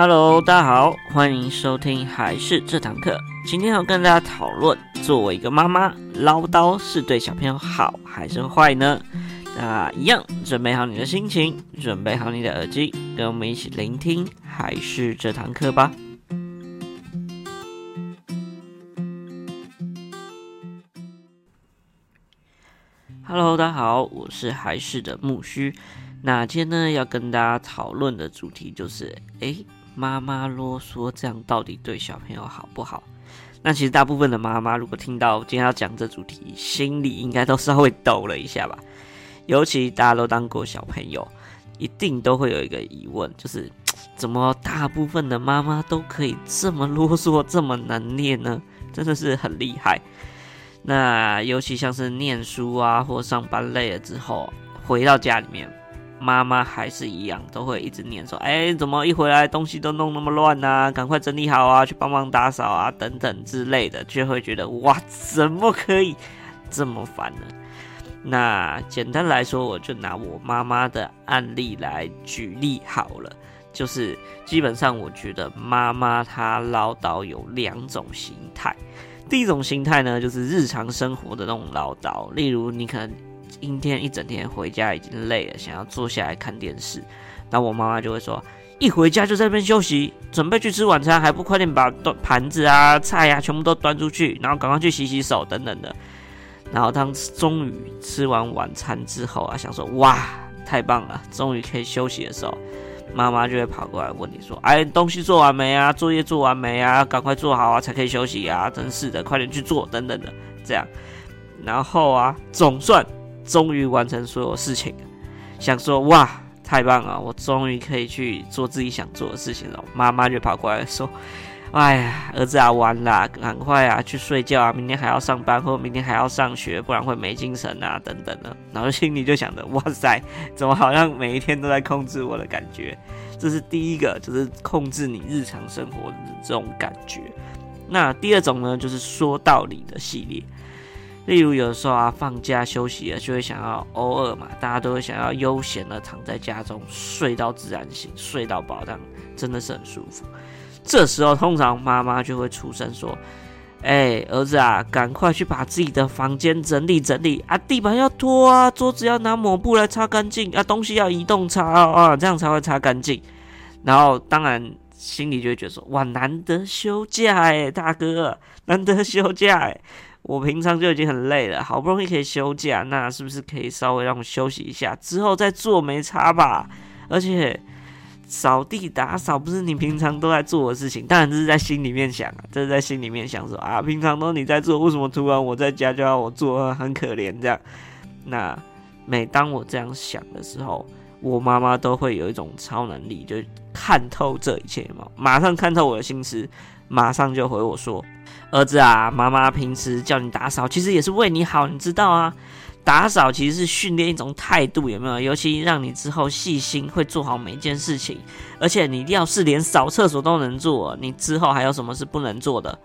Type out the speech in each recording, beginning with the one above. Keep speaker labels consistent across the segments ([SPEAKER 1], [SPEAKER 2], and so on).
[SPEAKER 1] Hello，大家好，歡迎收聽還是這堂課。今天要跟大家討論，作為一個媽媽，嘮叨是對小朋友好還是壞呢？那一樣，準備好你的心情，準備好你的耳機，跟我們一起聆聽還是這堂課吧。Hello，大家好，我是還是的木須。那今天呢，要跟大家討論的主題就是，哎。媽媽囉嗦，這樣到底對小朋友好不好？那其實大部分的媽媽，如果聽到今天要講這主題，心裡應該都稍微抖了一下吧。尤其大家都當過小朋友，一定都會有一個疑問，就是怎麼大部分的媽媽都可以這麼囉嗦，這麼難唸呢？真的是很厲害。那尤其像是唸書啊，或上班累了之後，回到家裡面。媽媽還是一樣，都會一直念說：“哎，怎麼一回來東西都弄那麼亂啊？趕快整理好啊，去幫忙打掃啊，等等之類的。”就會覺得哇，怎麼可以這麼煩呢？那簡單來說，我就拿我媽媽的案例來舉例好了。就是基本上，我覺得媽媽她嘮叨有兩種形態。第一種形態呢，就是日常生活的那種嘮叨，例如你可能，陰天一整天，回家已經累了，想要坐下來看電視，那我媽媽就會說：一回家就在那邊休息，準備去吃晚餐，還不快點把端盤子啊、菜啊全部都端出去，然後趕快去洗洗手等等的。然後當終於吃完晚餐之後啊，想說哇太棒了，終於可以休息的時候，媽媽就會跑過來問你說：哎，東西做完沒啊？作業做完沒啊？趕快做好啊，才可以休息啊！真是的，快點去做等等的這樣。然後啊，總算。終於完成所有事情，想說哇太棒了，我終於可以去做自己想做的事情了。媽媽就跑過來說：“哎呀，兒子啊，完了，趕快啊去睡覺啊，明天還要上班或者明天還要上學，不然會沒精神啊，等等的。”然後心裡就想著：“哇塞，怎麼好像每一天都在控制我的感覺？這是第一個，就是控制你日常生活的這種感覺。那第二種呢，就是說道理的系列。”例如有的時候啊，放假休息了，就會想要偶爾嘛，大家都會想要悠閒的躺在家中睡到自然醒，睡到飽真的是很舒服。這時候通常媽媽就會出聲說：“哎、欸，兒子啊，趕快去把自己的房間整理整理啊，地板要拖啊，桌子要拿抹布來擦乾淨啊，東西要移動擦啊，這樣才會擦乾淨。”然後當然心裡就會覺得說：“哇，難得休假哎，大哥，難得休假哎。”我平常就已經很累了，好不容易可以休假，那是不是可以稍微讓我休息一下？之後再做沒差吧。而且掃地打掃不是你平常都在做的事情，當然這是在心裡面想啊，這是在心裡面想說啊，平常都你在做，為什麼突然我在家就要我做啊？很可憐這樣。那每當我這樣想的時候，我媽媽都會有一種超能力，就看透這一切嘛，馬上看透我的心思。馬上就回我說，兒子啊，媽媽平時叫你打掃，其實也是為你好，你知道啊。打掃其實是訓練一種態度，有沒有？尤其讓你之後細心，會做好每一件事情。而且你要是連掃廁所都能做，你之後還有什麼是不能做的？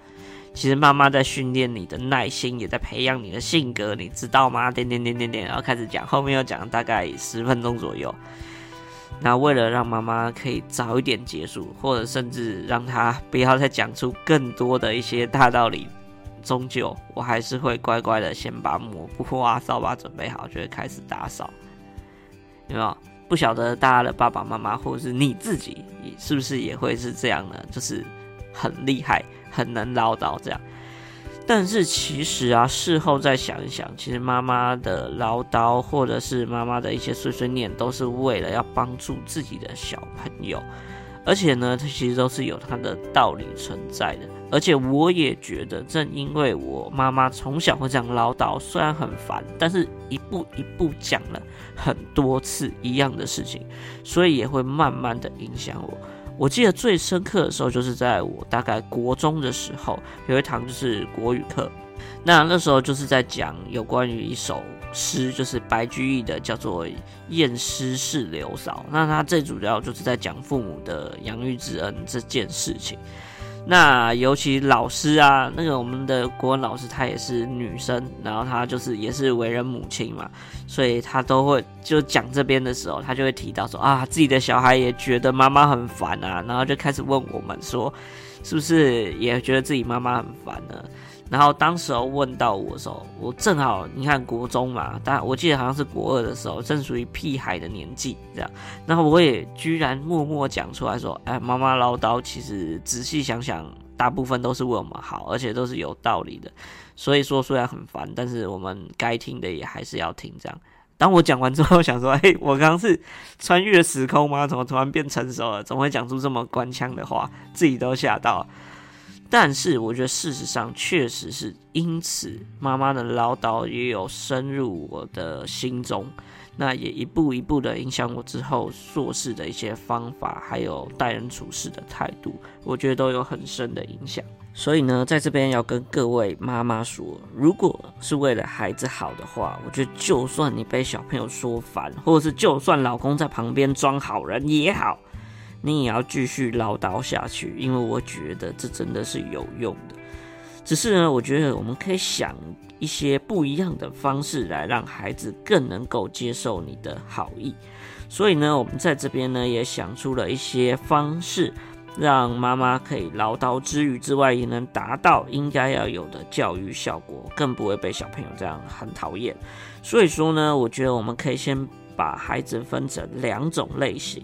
[SPEAKER 1] 其實媽媽在訓練你的耐心，也在培養你的性格，你知道嗎？點點點點點，然後開始講，後面又講了大概十分鐘左右。那為了讓媽媽可以早一點結束，或者甚至讓她不要再講出更多的一些大道理，終究我還是會乖乖的先把抹布啊，掃把準備好，就會開始打掃。有沒有？不曉得大家的爸爸媽媽或者是你自己，是不是也會是這樣呢？就是很厲害，很能嘮叨這樣。但是其實啊，事後再想一想，其實媽媽的嘮叨或者是媽媽的一些碎碎念，都是為了要幫助自己的小朋友，而且呢，其實都是有他的道理存在的。而且我也覺得，正因為我媽媽從小會這樣嘮叨，雖然很煩，但是一步一步講了很多次一樣的事情，所以也會慢慢的影響我。我記得最深刻的時候，就是在我大概國中的時候，有一堂就是國語課。那那時候就是在講有關於一首詩，就是白居易的，叫做《燕詩示劉叟》。那他最主要就是在講父母的養育之恩這件事情。那尤其老師啊，那個我們的國文老師她也是女生，然後她就是也是為人母親嘛，所以她都會就講這邊的時候，她就會提到說啊，自己的小孩也覺得媽媽很煩啊，然後就開始問我們說，是不是也覺得自己媽媽很煩呢？然後當時候問到我的時候，我正好你看國中嘛，但我記得好像是國二的時候，正屬於屁孩的年紀，這樣。然後我也居然默默講出來說：“哎，媽媽嘮叨，其實仔細想想，大部分都是為我們好，而且都是有道理的。所以說雖然很煩，但是我們該聽的也還是要聽。”這樣。當我講完之後，我想說：“哎，我剛剛是穿越時空嗎？怎麼突然變成熟了？怎麼會講出這麼官腔的話？自己都嚇到啊。”但是我覺得，事實上確實是因此，媽媽的嘮叨也有深入我的心中，那也一步一步的影響我之後做事的一些方法，還有待人處事的態度，我覺得都有很深的影響。所以呢，在這邊要跟各位媽媽說，如果是為了孩子好的話，我覺得就算你被小朋友說煩，或者是就算老公在旁邊裝好人也好，你也要繼續嘮叨下去，因為我覺得這真的是有用的。只是呢，我覺得我們可以想一些不一樣的方式來讓孩子更能夠接受你的好意。所以呢，我們在這邊呢也想出了一些方式，讓媽媽可以嘮叨之餘之外，也能達到應該要有的教育效果，更不會被小朋友這樣很討厭。所以說呢，我覺得我們可以先把孩子分成兩種類型。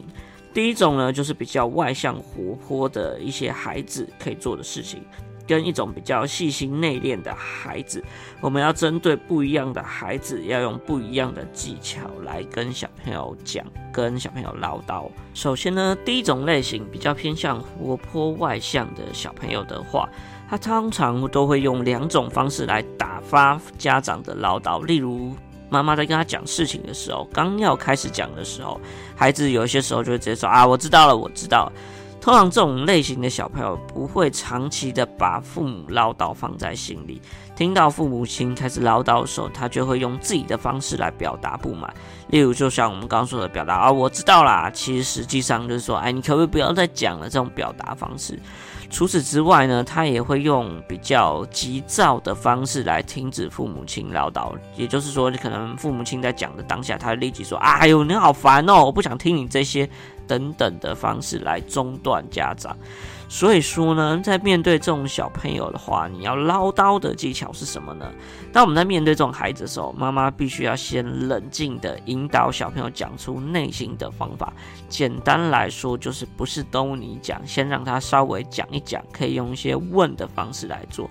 [SPEAKER 1] 第一種呢，就是比較外向活潑的一些孩子可以做的事情，跟一種比較細心內斂的孩子。我們要針對不一樣的孩子，要用不一樣的技巧來跟小朋友講，跟小朋友嘮叨。首先呢，第一種類型比較偏向活潑外向的小朋友的話，他通常都會用兩種方式來打發家長的嘮叨，例如，媽媽在跟他講事情的時候，剛要開始講的時候，孩子有些時候就會直接說：“啊，我知道了，我知道了。”通常這種類型的小朋友不會長期的把父母嘮叨放在心裡，聽到父母親開始嘮叨的時候，他就會用自己的方式來表達不滿，例如就像我們剛剛說的表達：“啊，我知道啦。”其實實際上就是說：“哎，你可不可以不要再講了？”這種表達方式。除此之外呢，他也會用比較急躁的方式來停止父母親嘮叨。也就是說，可能父母親在講的當下，他立即說：“哎呦，你好煩哦，我不想聽你這些。”等等的方式來中斷家長，所以說呢，在面對這種小朋友的話，你要嘮叨的技巧是什麼呢？當我們在面對這種孩子的時候，媽媽必須要先冷靜的引導小朋友講出內心的方法。簡單來說，就是不是都你講，先讓他稍微講一講，可以用一些問的方式來做。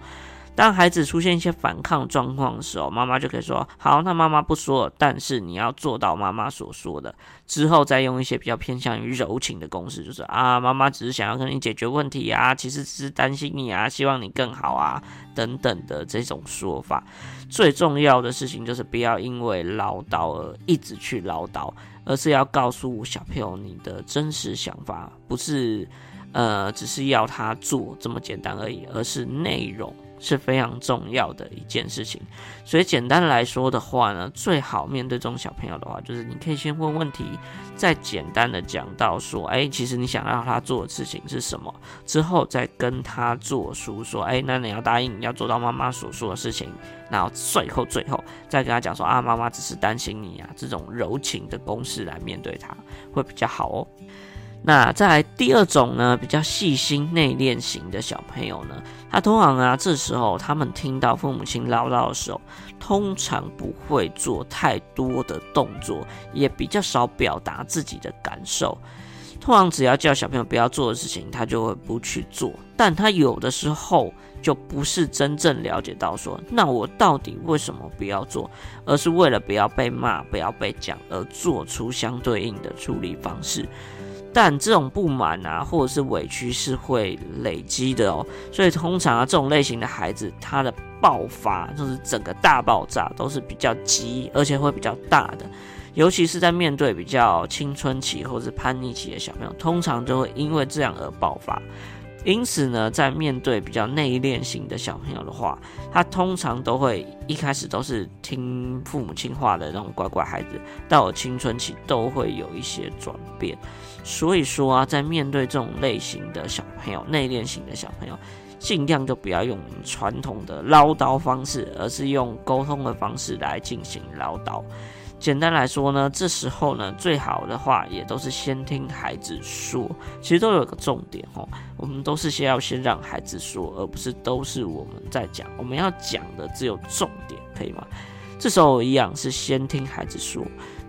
[SPEAKER 1] 當孩子出現一些反抗狀況的時候，媽媽就可以說：“好，那媽媽不說了，但是你要做到媽媽所說的。”之後再用一些比較偏向於柔情的公式，就是啊，媽媽只是想要跟你解決問題啊，其實只是擔心你啊，希望你更好啊，等等的這種說法。最重要的事情就是不要因為嘮叨而一直去嘮叨，而是要告訴小朋友你的真實想法，不是，呃，只是要他做這麼簡單而已，而是內容。是非常重要的一件事情，所以簡單來說的話呢，最好面對這種小朋友的話，就是你可以先問問題，再簡單的講到說，哎，其實你想要他做的事情是什麼，之後再跟他做書說，哎，那你要答應，你要做到媽媽所說的事情，然後最後最後再跟他講說，啊，媽媽只是擔心你啊，這種柔情的攻勢來面對他會比較好哦。那再來第二種呢，比較細心內斂型的小朋友呢，他通常啊，這時候他們聽到父母親嘮叨的時候，通常不會做太多的動作，也比較少表達自己的感受。通常只要叫小朋友不要做的事情，他就會不去做。但他有的時候就不是真正了解到說，那我到底為什麼不要做，而是為了不要被罵、不要被講，而做出相對應的處理方式。但這種不滿啊，或者是委屈是會累積的哦，所以通常啊，這種類型的孩子他的爆發就是整個大爆炸都是比較急，而且會比較大的，尤其是在面對比較青春期或者是叛逆期的小朋友，通常就會因為這樣而爆發。因此呢，在面對比較內斂型的小朋友的話，他通常都會一開始都是聽父母親話的那種乖乖孩子，到了青春期都會有一些轉變。所以說啊，在面對這種類型的小朋友，內斂型的小朋友，盡量就不要用傳統的嘮叨方式，而是用溝通的方式來進行嘮叨。簡單來說呢，這時候呢，最好的話也都是先聽孩子說。其實都有個重點哦，我們都是先要先讓孩子說，而不是都是我們在講。我們要講的只有重點，可以嗎？這時候一樣是先聽孩子說。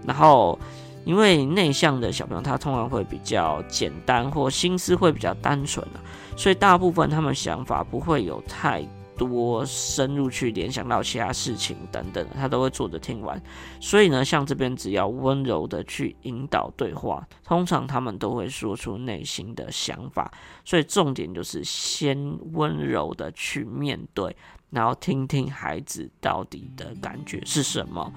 [SPEAKER 1] 然後，因為內向的小朋友他通常會比較簡單，或心思會比較單純啊，所以大部分他們想法不會有太多深入去聯想到其他事情等等，他都會坐着聽完。所以呢，像這邊只要溫柔的去引導對話，通常他們都會說出內心的想法。所以重點就是先溫柔的去面對。然後聽聽孩子到底的感覺是什麼，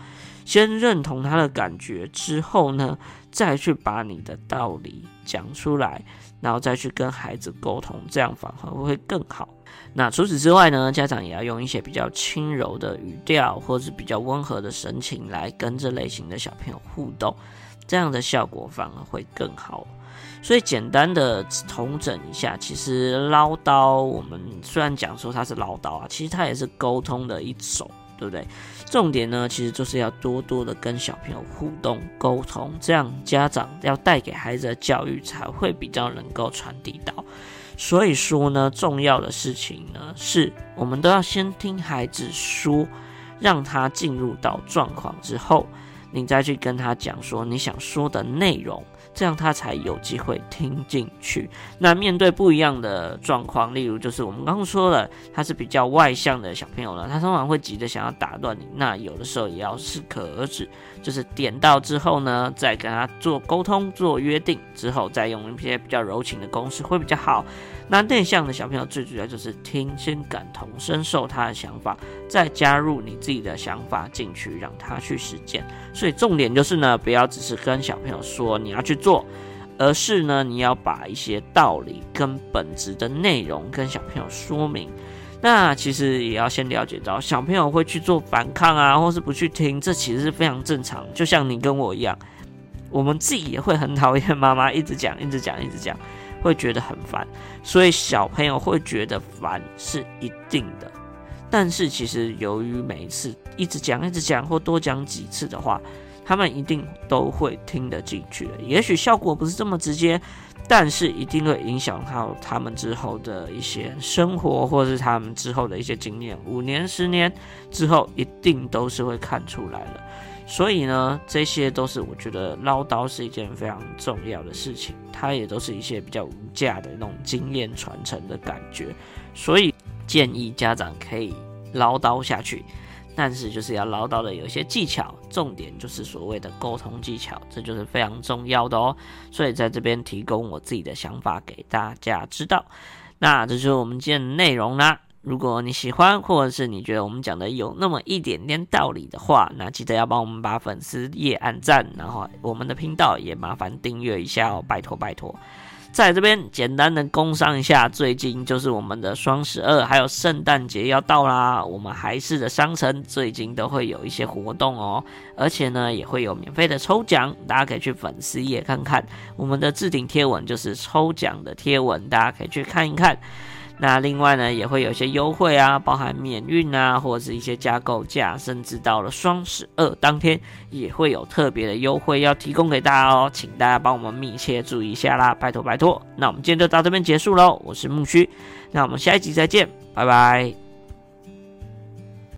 [SPEAKER 1] 先認同他的感覺之後呢，再去把你的道理講出來，然後再去跟孩子溝通，這樣反而會更好。那除此之外呢，家長也要用一些比較輕柔的語調或者是比較溫和的神情來跟這類型的小朋友互動，這樣的效果反而會更好。所以簡單的重整一下，其實嘮叨，我們雖然講說他是嘮叨啊，其實他也是溝通的一種，對不對？重點呢，其實就是要多多的跟小朋友互動溝通，這樣家長要帶給孩子的教育才會比較能夠傳遞到。所以說呢，重要的事情呢，是我們都要先聽孩子說，讓他進入到狀況之後，你再去跟他講說你想說的內容。這樣他才有機會聽進去。那面對不一樣的狀況，例如就是我們剛剛說了，他是比較外向的小朋友呢，他通常會急着想要打斷你。那有的時候也要適可而止，就是點到之後呢，再跟他做溝通、做約定之後，再用一些比較柔情的公式會比較好。那內向的小朋友最主要就是聽、先感同身受他的想法，再加入你自己的想法進去，讓他去實踐。所以重點就是呢，不要只是跟小朋友說你要去。做，而是呢，你要把一些道理跟本質的內容跟小朋友說明。那其實也要先了解到，小朋友會去做反抗啊，或是不去聽，這其實是非常正常。就像你跟我一樣，我們自己也會很討厭媽媽一直講、一直講、一直講，會覺得很煩。所以小朋友會覺得煩是一定的，但是其實由於每一次一直講、一直講或多講幾次的話。他們一定都會聽得進去的，也許效果不是這麼直接，但是一定會影響到他們之後的一些生活，或是他們之後的一些經驗。五年、十年之後，一定都是會看出來的。所以呢，這些都是我覺得嘮叨是一件非常重要的事情，它也都是一些比較無價的那種經驗傳承的感覺。所以建議家長可以嘮叨下去。但是就是要嘮叨的有一些技巧，重點就是所謂的溝通技巧，這就是非常重要的哦。所以在這邊提供我自己的想法給大家知道。那這就是我們今天的內容啦。如果你喜歡，或者是你覺得我們講的有那麼一點點道理的話，那記得要幫我們把粉絲頁按讚，然後我們的頻道也麻煩訂閱一下哦，拜托拜托。在這邊簡單的工商一下，最近就是我們的雙十二，還有聖誕節要到啦。我們還是的商城最近都會有一些活動哦，而且呢也會有免費的抽獎，大家可以去粉絲頁看看，我們的置頂貼文，就是抽獎的貼文，大家可以去看一看。那另外呢，也會有一些優惠啊，包含免運啊，或者是一些加購價，甚至到了雙十二當天，也會有特別的優惠要提供給大家哦，請大家幫我們密切注意一下啦，拜託拜託。那我們今天就到這邊結束嘍，我是木須，那我們下一集再見，拜拜。